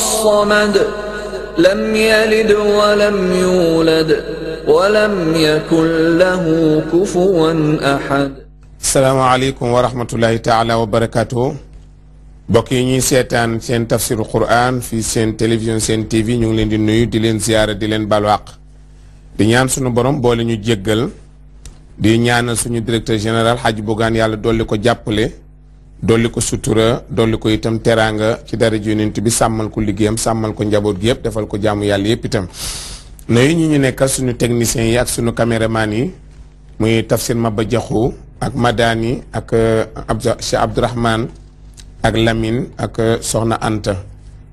الصمد لم يلد ولم يولد ولم يكن له كفوا أحد السلام عليكم ورحمة الله تعالى وبركاته بقي ني سيتان سين تفسير القرآن في سين تلفزيون سين تي في نيو لين دي نيو دي لين زيارة دي لين بالواق دي نيان سونو بروم بولي نيو جيغل دي نيان سونو ديريكتور جينيرال حاج بوغان يالا دولي كو جابلي dolli ko sutura dolli ko itam teraanga ci dara ji yonent bi sàmmal ko liggéeyam sàmmal ko njaboot gi yëpp defal ko jaamu yàlla yëpp itam nuyu ñu ñu nekkal suñu techniciens yi ak suñu caméraman yi muy Tafsir ba Jaxu ak Madani ak euh, Abd Cheikh Abdourahman ak Lamine ak euh, Soxna Anta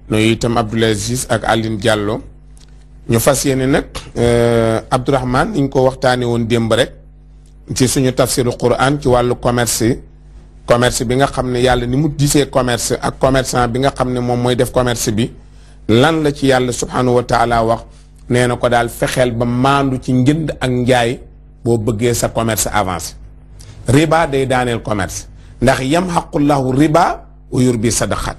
nuyu itam Abdoul Aziz ak Aline Diallo ñu fas yéene nag euh, Abdourahman ni ñu ko waxtaanee woon démb rek ci suñu tafsiru Qur'an ci wàllu commerce yi commerce bi nga xam ne yàlla ni mu gisee commerce ak commerçant bi nga xam ne moom mooy def commerce bi lan la ci yàlla subhanahu wa taala wax nee na ko daal fexeel ba maandu ci njënd ak njaay boo bëggee sa commerce avance riba day daaneel commerce ndax yam xaqullahu riba wa sa sadaqat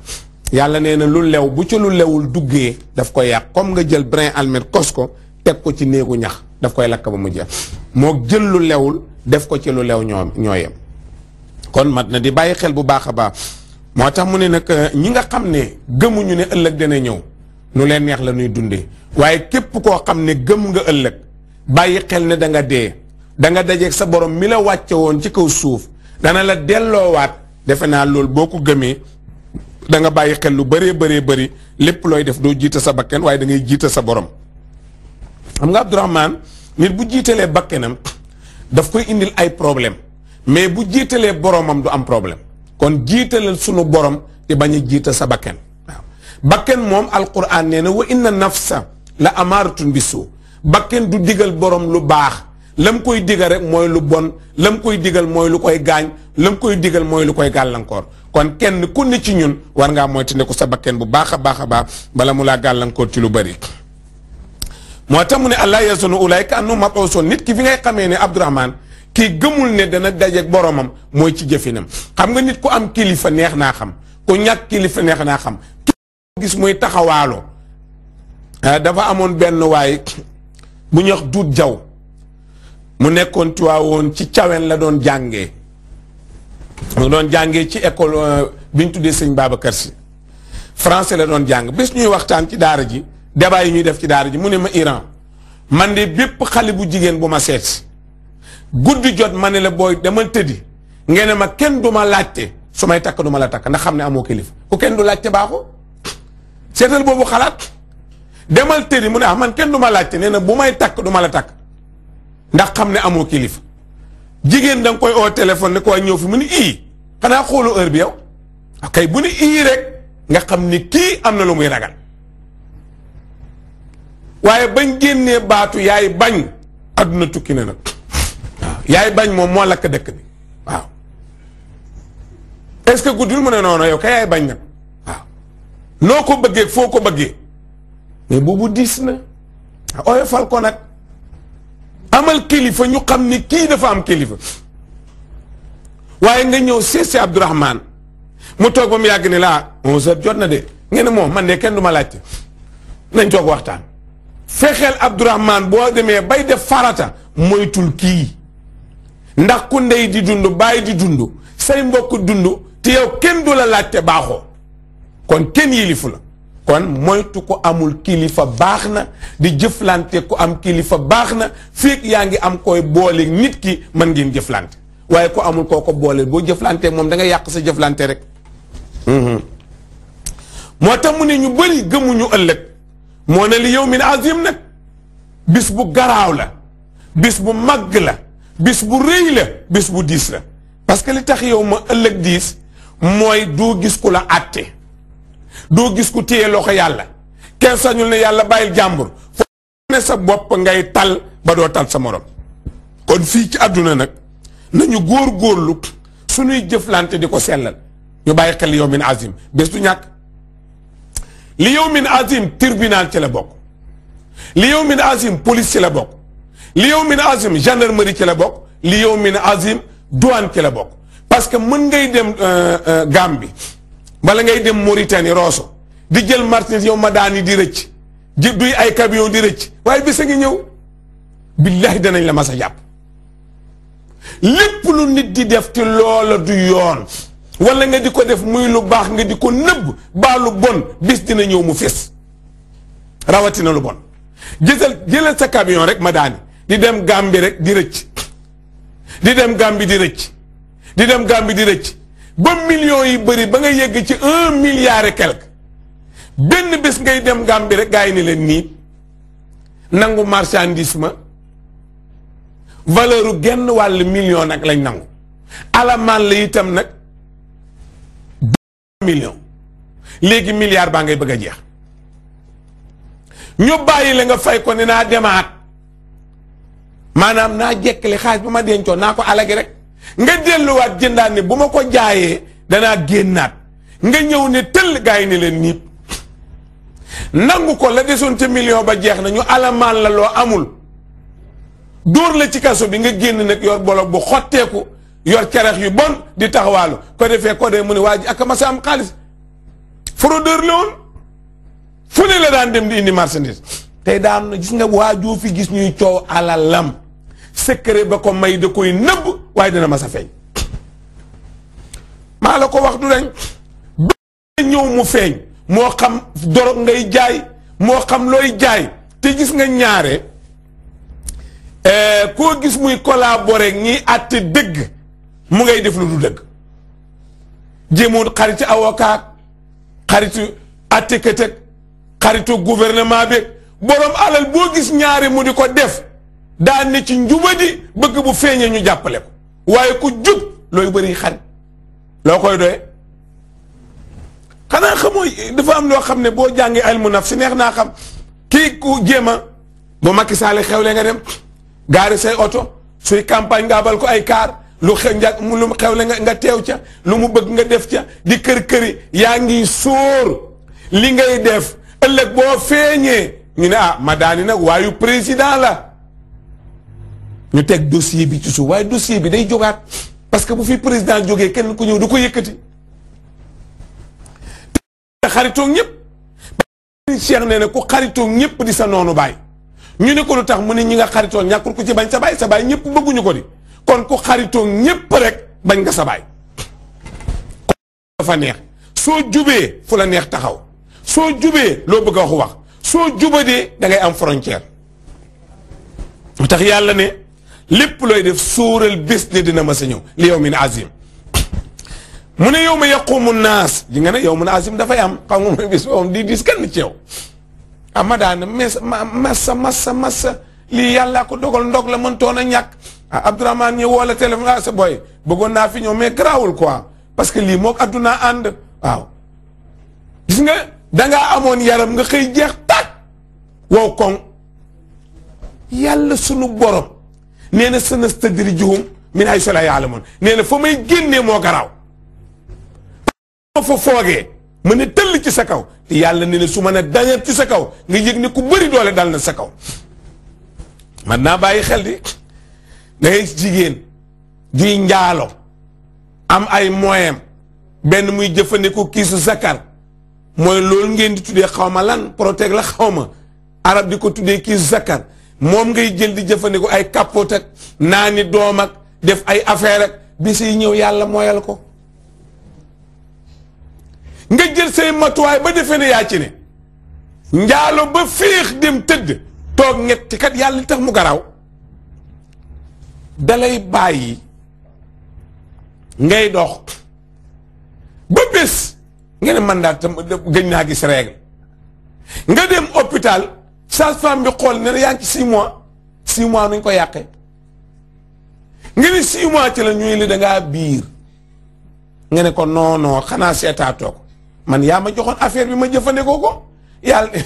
yàlla nee na lu lew bu ci lu lewul duggee daf koy yàq comme nga jël brin almet kos ko teg ko ci néegu ñax daf koy lakk ba mu jeex moo jël lu lewul def ko ci lu lew ñoo ñoo yem kon mat na di bàyyi xel bu baax a baax moo tax mu ne nag euh, ñi nga xam ne gëmuñu ne ëllëg dana ñëw nu leen neex la ñuy dundee waaye képp koo xam ne gëm nga ëllëg bàyyi xel ne danga nga dee da nga dajeeg sa borom mi la wàcce woon ci kaw suuf dana la delloowaat defe naa loolu boo ko gëmee danga bàyyi xel lu bëree bëree bari lépp looy def doo jiita sa bakken waaye da ngay jiita sa borom xam nga Abdourahman nit bu jiitalee bakkenam daf koy indil ay problème mais bu jiitalee boromam du am problème kon jiitalal sunu borom te bañ a jiita sa bakken waaw bakken moom alquran nee na wa inna nafsa la amaaratun bi suu bakken du digal borom lu baax lam koy digal rek mooy lu bon lam koy digal mooy lu koy gaañ lam koy digal mooy lu koy gàllankoor kon kenn ku ne ci ñun war nga ngaa moytandiku sa bakken bu baax a baax a baax bala mu laa gàllankoor ci lu bëri moo tax mu ne allah yasunu ulaayka annahum mabuusun nit ki fi ngay xamee ne Abdourahman kii gëmul ne dana dajeeg boromam mooy ci jëfinam xam nga nit ku am kilifa neex naa xam ku ñàkk kilifa neex naa xam gis muy taxawaalo ah, dafa amoon benn waay bu ñuy wax duut jaw mu nekkoon tuwaawoon ci cawen la doon jànge mu doon jàngee ci école euh, bi ñu tuddee sëñ Babacar Si français la doon jàng bis ñuy waxtaan ci daara ji débat yi ñuy def ci daara ji mu ne ma Iran man de bépp xale bu jigéen bu ma seet guddi jot ma ne la booy demal tëddi ngeen ne ma kenn du ma laajte su may takk du la takk ndax xam ne amoo kilifa ku kenn du laajte baaxoo seetal boobu xalaat demal tëddi mu ne ah man kenn du ma laajte nee na bu may takk du takk ndax xam ne amoo kilifa jigéen da koy oo téléphone ne ko ñëw fi mu ne ii xanaa xooloo heure bi yow kay bu ne ii rek nga xam ni kii am na lu muy ragal waaye bañ génnee baatu yaay bañ adduna tukki na yaay bañ moom moo lakk dëkk bi waaw est-ce que guddul mu ne noonu yow kay yaay bañ nag waaw noo ko bëggee foo ko bëggee mais boobu diis na oyofal ko nag amal kilifa ñu xam ni kii dafa am kilifa waaye nga ñëw seesi Abdourahman mu toog ba mu yàgg ne laa onze heures jot na de ngeen moom man de kenn duma ma laajte nañ toog waxtaan fexeel Abdourahman boo demee bay def farata moytul kii ndax ku ndey di dund bàyyi di dund say mbokk dund te yow kenn du la laajte baaxoo kon kenn yilifu la kon moytu ko amul kilifa baax na di jëflante ku am kilifa baax na fekk yaa ngi am koy booleek nit ki mën ngeen jëflante waaye ku amul koo ko boole boo jëflante moom da nga yàq sa jëflante rek mhm. moo tax mu ne ñu bëri gëmuñu ëllëg moo ne li yow min azim nag bis bu garaaw la bis bu màgg la bis bu rëy la bis bu diis la parce que li tax yow ma ëllëg diis mooy doo gis ku la àtte doo gis ku téye loxo yàlla kenn sañul ne yàlla bàyyil jàmbur foo ne sa bopp ngay tal ba doo tal sa morom kon fii ci àdduna nag nañu góor góorlu suñuy jëflante di ko sellal ñu bàyyi xel yow min azim bés du ñàkk li yow min azim tribunal ci la bokk li yow min azim police ci la bokk li yow min azim gendarmerie ci la bokk li yow min azim douane ci la bokk parce que mën ngay dem euh, euh, Gambie bala ngay dem Mauritanie Rosso di jël martinis yow ma daan yi di rëcc duy ay camion di rëcc waaye bés a ngi ñëw billahi danañ la mas jàpp lépp lu nit di def ci loola du yoon wala nga di ko def muy lu baax nga di ko nëbb baa lu bon bis dina ñëw mu fis rawatina lu bon jësal jëlal sa camion rek ma daani di dem Gàmbi rek di rëcc di dem Gàmbi di rëcc di dem Gàmbi di rëcc ba million yi bëri ba nga yegg ci un milliard et benn bés ngay dem Gàmbi rek gaa yi ni leen nii nangu marchandise ma valeur genn wàll million nag lañ nangu alamaan la itam nag million léegi milliard baa ngay bëgg a jeex ñu bàyyi la nga fay ko ni naa demaat maanaam naa jekkale xaalis ba ma dencoon naa ko alagi rek nga delluwaat jëndaat ne bu ma ko jaayee danaa génnaat nga ñëw ne tëll gaa yi ne leen nii nangu ko la desoon ca million ba jeex na ñu alamaan la loo amul dóor la ci kaso bi nga génn nag yor bolog bu xotteeku yor carax yu bon di taxawaalu ko defee ko dee mu ne waa ji ak am xaalis fraudeur la woon fu ni la daan dem di indi marchandise tey daan gis nga waajoo fi gis ñuy coow alalam secret ba ko may da koy nëbb waaye dina ma sa feeñ maa la ko wax du dañ ba ñëw mu feeñ moo xam dorog ngay jaay moo xam looy jaay te gis nga ñaare eh, koo gis muy collaborer ñiy àtte dëgg mu ngay def lu du dëgg jéemoon xaritu avocat xaritu àttekat ak xaritu gouvernement bi borom alal boo gis ñaare mu di ko def daa ne ci njubadi bëgg bu feeñee ñu jàppale ko waaye ku jub looy bëri xarit loo koy doye xanaa xamoo dafa am loo xam ne boo jàngee almu naf si neex naa xam kii ku jéem a bu Macky xewle nga dem gaari say oto suy campagne nga abal ko ay kaar lu xew njàg lu mu xewle nga nga teew ca lu mu bëgg nga def ca di kër këri yaa ngi sóor li ngay def ëllëg boo feeñee ñu ne ah ma daani nag waayu président la ñu teg dossier bi ci suuf waaye dossier bi day jogaat parce que bu fi président jógee kenn ku ñëw du ko yëkkati xaritoo xaritoog ñëpp Cheikh nee na ku xaritoog ñëpp di sa noonu baay ñu ne ko lu tax mu ne ñi nga xaritoo ñàkkul ko ci bañ sa baay sa baay ñëpp bëgguñu ko di kon ku xaritoo ñëpp rek bañ nga sa baay dafa neex soo jubee fu la neex taxaw soo jubee loo bëgg a wax wax soo jubadee da ngay am frontière lu yàlla ne lépp looy def suural bés ne dina ma sa ñëw li yow min azim mu ne yow ma yaqumu naas ji nga ne yow min azim dafay am xam nga mooy bis boobu di dis kenn ci yow ama daana mes massa massa massa lii yàllaa ko dogal ndog la mën toon a ñàkk ah Abdourahmane ñu woo ah, sa boy bëggoon naa fi ñëw mais garaawul quoi parce que lii moog addunaa ànd waaw gis nga danga amoon yaram nga xëy jeex tàkk wow koŋ yàlla sunu borom نين سنستدرجهم من حيث لا يعلمون نين فمي جن مو غراو فو فوغي من تل تي سكاو تي يالا نين سوما نا دان تي سكاو ني ييك ني كو بري دولي دال نا سكاو مادنا باي خيل دي نايس جيجين دي نجالو ام اي مويم بن موي جيفانيكو كيس زكار موي لول نين دي تودي خاوما لان بروتيك لا خاوما عرب ديكو تودي كيس زكار moom ngay jël di jëfandikoo ay kàppoot ak naa def ay affaire ak bi siy ñëw yàlla mooyal ko nga jël say matuwaay ba defe ne yaa ne njaalo ba féex dem tëdd toog ñetti yàlla li tax mu garaaw dalay bàyyi ngay dox ba bés nga ne man daal tam gëñ naa gis règle nga dem hôpital sage-femme bi xool ne yaa ngi ci six mois six mois ko yàqee nga ni six mois ci la ñuy li dangaa biir nga ne ko non non xanaa seetaatoo ko man yaa ma joxoon affaire bi ma jëfandikoo ko yàlla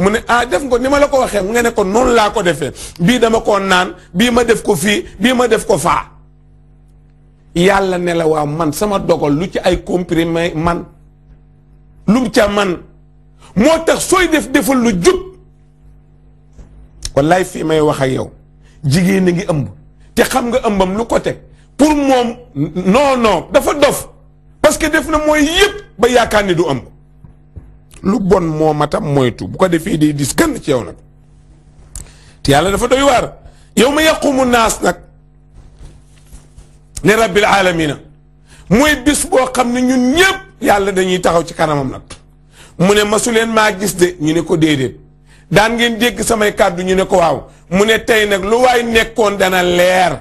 mu ne ah def nga ni ma la ko waxee nga ne ko noonu laa ko defee bii dama koo naan bii ma def ko fii bii ma def ko faa yàlla ne la man sama dogal lu ci ay comprimé man lum ca man moo tax sooy def defal lu jub wallaay fi may wax ak yow jigéen a ngi ëmb te xam nga ëmbam lu ko teg pour moom non non dafa dof parce que def na mooy yëpp ba yaakaar ni du ëmb lu bon moo matam moytu bu ko defee day dis gann ci yow nag te yàlla dafa doy waar yow ma yaqumu naas nag li rabbil alamina mooy bis boo xam ne ñun ñëpp yàlla dañuy taxaw ci kanamam nag mu ne masu leen maa gis de ñu ne ko déedéet daan ngeen dégg samay kàddu ñu ne ko waaw mu ne tey nag lu waay nekkoon dana leer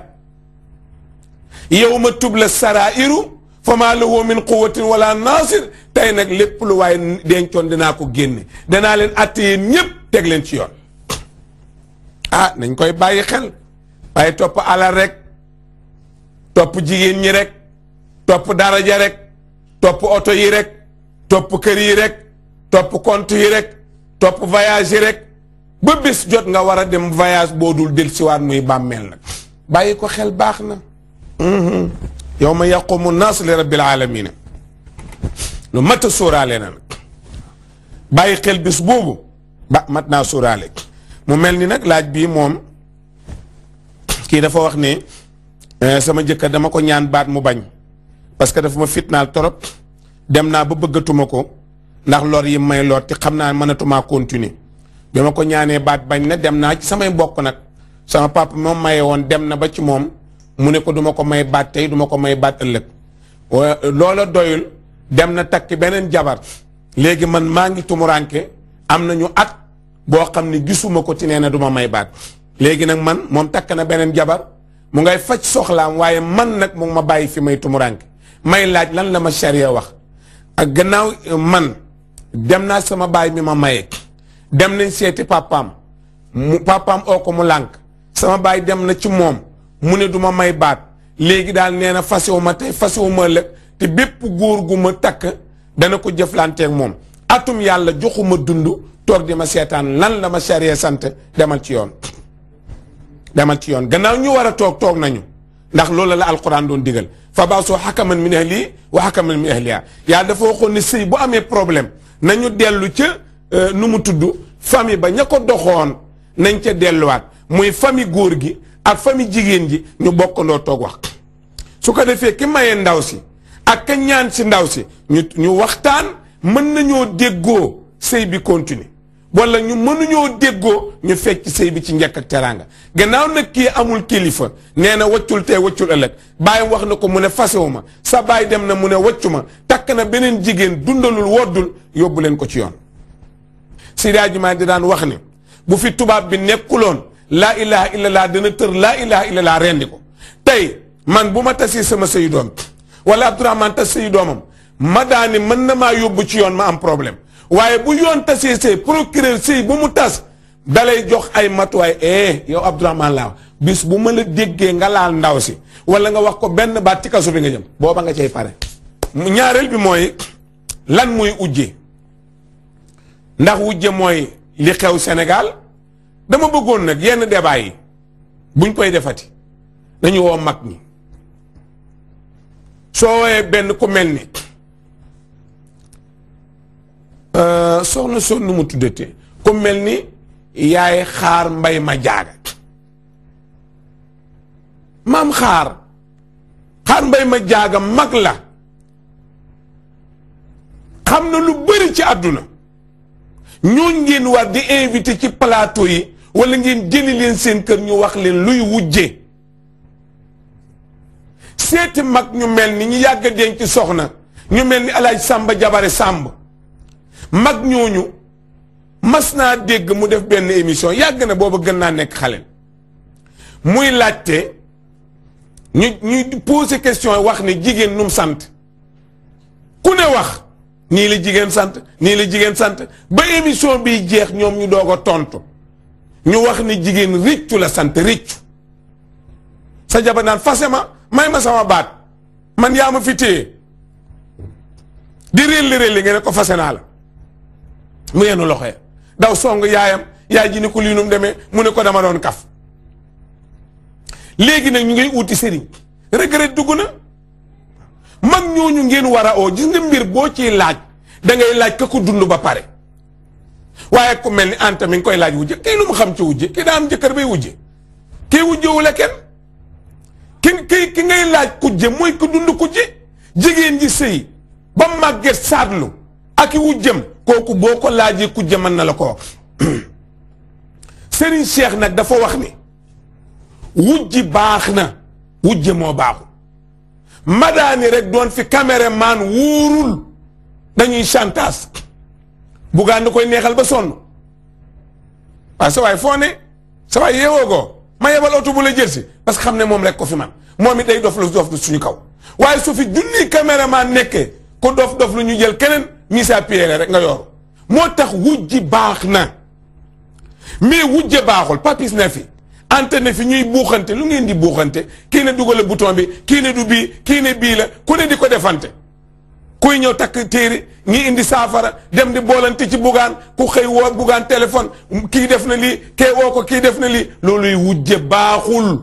yow ma tubla sarairu fa maa lahu min quwatin wala naasir tey nag lépp lu waay dencoon dinaa ko génne danaa leen atte yéen ñépp teg leen ci yoon ah nañ koy bàyyi xel waaye topp alal rek topp jigéen ñi rek topp daraja rek topp oto yi rek topp kër yi rek topp compte yi rek topp voyage yi rek ba bés jot nga war a dem voyage boo dul dellusiwaat muy bàmmeel nag bàyyi ko xel baax na mhm. yow ma yaqumu naas li rabbil alamina lu mat a sóoraale na nag bàyyi xel bis boobu ba mat naa sóoraale mu mel ni nag laaj bii moom kii dafa wax ne eh, sama jëkkër dama ko ñaan baat mu bañ parce que dafa ma fitnaal torop dem naa ba bëggatuma ko ndax lor yi may lor te xam naa mënatumaa continuer bi ma ko ñaanee baat bañ na dem naa ci samay mbokk nag sama papa moom maye woon dem na ba ci moom mu ne ko duma ko may baat tey duma ko may baat ëllëg loola doyul dem na takki beneen jabar léegi man maa ngi tumuranke am na ñu at boo xam ne gisuma ko ci nee na duma may baat léegi nag man moom takk na beneen jabar mu ngay faj soxlaam waaye man nag mu ma bàyyi fi may tumuranke may laaj lan la ma charia wax ak gannaaw man dem naa sama baay mi ma maye dem nañ seeti papaam mu papaam oo ko mu lànk sama baay dem na ci moom mu ne duma may baat léegi daal nee na fasewu ma tey fasewu ma ëllëg te bépp góor gu ma takk dana ko jëflanteeg moom atum yàlla joxuma dund toog di ma seetaan lan la ma sariya sant demal ci yoon demal ci yoon gannaaw ñu war a toog toog nañu ndax loolu la alquran doon digal fa baasoo xakaman min ahli wa xakaman min ahliha yàlla dafa waxoon ne sëy bu amee problème nañu dellu ca euh, nu mu tudd famille ba ña ko doxoon nañ ca delluwaat muy famille góor gi ak famille jigéen ji ñu bokkandoo toog wax su ko defee ki maye ndaw si ak ka ñaan si ndaw si ñu ñu waxtaan mën nañoo déggoo sëy bi continuer wala ñu mënuñoo déggoo ñu fekk ci bi ci njëkk ak teraanga gannaaw nag kii amul kilifa nee na waccul tey waccul ëllëg bàyyi wax na ko mu ne fasewu ma sa baay dem na mu ne waccu ma takk na beneen jigéen dundalul woddul yóbbu leen ko ci yoon sidaa ji maa di daan wax ni bu fi tubaab bi nekkuloon laa ilaha illallah dana tër laa ilaha illallah rendi ko tey man bu ma tasi sama sëyu doom wala Abdourahmane tas sëyu doomam ma daani mën na maa yóbbu ci yoon ma am problème waaye bu yoon tasee sëy procureur sëy bu mu tas dalay jox ay matuwaay eh yow Abdourahmane laa bis bu ma la déggee nga laal ndaw si wala nga wax ko benn baat ci kaso bi nga jëm booba nga cay pare. ñaareel bi mooy lan muy ujje ndax wujje mooy li xew Sénégal dama bëggoon nag yenn débat yi buñ koy defati dañu woo mag ñi soo woowee benn ku mel ni. Euh, soxna soon nu mu tuddate ku mel ni yaay xaar mbay ma jaaga maam xaar xaar mbay ma jaaga mag la xam na lu bari ci àdduna ñooñ ngeen war di invité ci plateau yi wala ngeen jëli leen seen kër ñu wax leen luy wujje seeti mag ñu mel ni ñu yàgg denc soxna ñu mel ni alaaj sàmba jabare sàmb mag ñooñu mas naa dégg mu def benn émission yàgg na booba gën naa nekk xale muy laajte ñu ñuy poser question wax ne jigéen num sant ku ne wax nii la jigéen sant nii la jigéen sant ba émission bi jeex ñoom ñu doog a tontu ñu wax ni jigéen riccu la sant riccu sa jaba naan fase ma may ma sama baat man yaa ma fi téye di relli relli nga ko fase naa la mu yenu loxo ya daw song yaayam yaay ji ni ko lii nu mu demee mu ne ko dama doon kaf léegi nag ñu ngay uuti sëriñ regret dugg na mag ñooñu ngeen war a oo gis nga mbir boo ciy laaj da ngay laaj ka ko dund ba pare waaye ku mel ni Anta mi koy laaj wujje kii lu mu xam ci wujje kii daa am jëkkër bay wujje kii wujjewule kenn ki ki ki ngay laaj kujje mooy ku dund kujje jigéen ji sëy ba màgget saatlu ak i wujjëm kooku boo ko laajee ku jëman na la ko wax Serigne Cheikh nag dafa wax ni wujj baax na wujje moo baaxul madaani rek doon fi caméraman wuurul dañuy chantage buggaan da koy neexal ba sonn waaye sa waay foo ne sa waay yeewoo ko ma yebal oto bu la jël si parce que xam ne moom rek ko fi man moom it day dof dof lu suñu kaw waaye su fi junni caméraman nekkee ku dof dof lu ñu jël keneen misa piyeere rek nga yor moo tax wujj baax na mais wujje baaxul papis na fi ante fi ñuy buuxante lu ngeen di buuxante kii ne dugale bouton bi kii ne du bii kii ne bii la ku ne di ko defante kuy ñëw takk téere ñi indi saafara dem di boolante ci bugaan ku xëy woo bugaan téléphone kii def na lii kee ko kii def na lii looluy wujje baaxul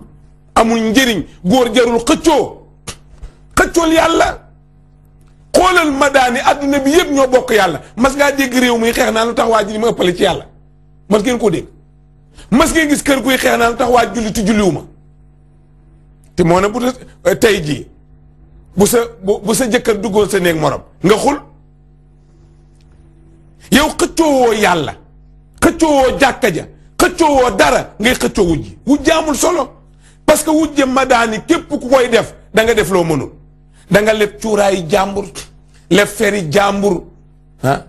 amul njëriñ góor jarul xëccoo xëccool yàlla xoolal madaani adduna bi yëpp ñoo bokk yàlla mas ngaa dégg réew muy xeex naa lu tax waa ji li ma ci yàlla mas ngeen koo dégg mas ngeen kër kuy xeex naa lu tax waa julli ti julliwu ma moo ne bu euh, jii bu sa sa jëkkër duggoon sa néeg morom nga xul yow xëccoowoo yàlla xëccoowoo jàkka ja xëccoowoo dara ngay xëccoo wujji wujjaamul solo parce que wujje madaani képp ku koy def da nga def loo mënul danga nga leb cuuraayu jàmbur leb feri jàmbur ah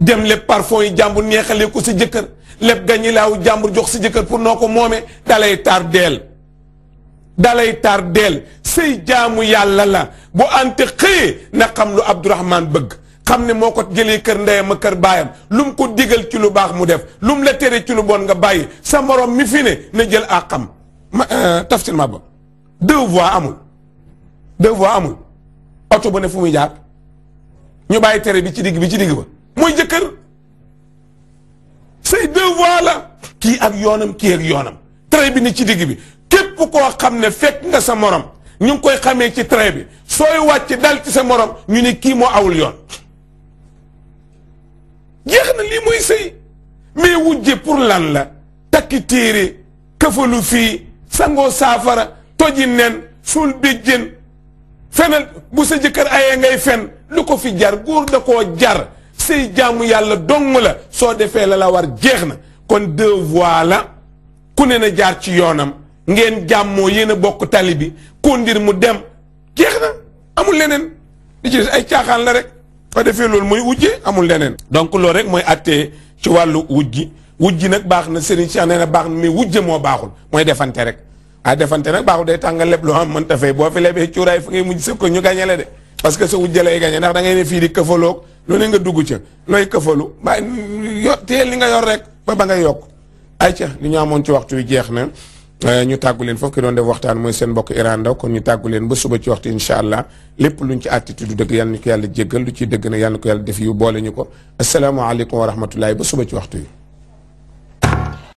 dem leb parfum yi jàmbur neexalee ko sa jëkkër leb gañilaawu jàmbur jox sa jëkkër pour noo ko moomee dalay tardeel dalay tar tardeel say jaamu yàlla la bu ante xëyee na xam lu Abdourahman bëgg xam ne moo ko jëlee kër ndeyam ak kër baayam lum ko digal ci lu baax mu def lu mu la tere ci lu bon nga bàyyi sa morom mi fi ne na jël àqam ma euh, tafsir ma ba deux voies amul deux voies amul oto bu ne fu muy jaar ñu bàyyi tere bi ci digg bi ci digg ba mooy jëkkër say deux voies la kii ak yoonam kii ak yoonam trait bi ne ci digg bi képp koo xam ne fekk nga sa morom ñu ngi koy xamee ci trait bi sooy wàcc dal ci sa morom ñu ne kii moo awul yoon jeex na lii mooy sëy mais wujje pour lan la takki téere këfalu fii sangoo saafara toji nen suul béjjén fenal bu sa jëkkër ayee ngay fen lu ko fi jar góor da koo jar sey jàmm yàlla dong la soo defee la la war jeex na kon deux voies la ku ne na jaar ci yoonam ngeen jàmmoo yéen a bokk tali bi kondir mu dem jeex na amul leneen li ci des ay caaxaan la rek fa defee loolu mooy wujje amul leneen donc lool rek mooy attee ci wàllu wujji wujji nag baax na Serigne Cheikh nee na baax na mais wujje moo baaxul mooy defante rek ah defante nag baaxul day tàngal lépp lu am mënta fay boo fi lebee cuuraay fa ngay mujj sëkk ko ñu gañe la de parce que sa wujja lay gañe ndax da ne fii di këfaloog lu ne nga dugg ca looy këfalu ba yo téyel li nga yor rek ba ba nga yokk ay ca lu ñu amoon ci waxtu wi jeex na euh, ñu tàggu leen foofu ki doon def waxtaan mooy seen mbokk Iran Ndao kon ñu tàggu leen ba suba ci waxtu incha allah lépp luñ ci àtti dëgg yal yàlla jéggal lu ciy dëgg nag yal na ko yàlla def yu boole ñu ko asalaamaaleykum wa rahmatullahi ba suba ci waxtu wi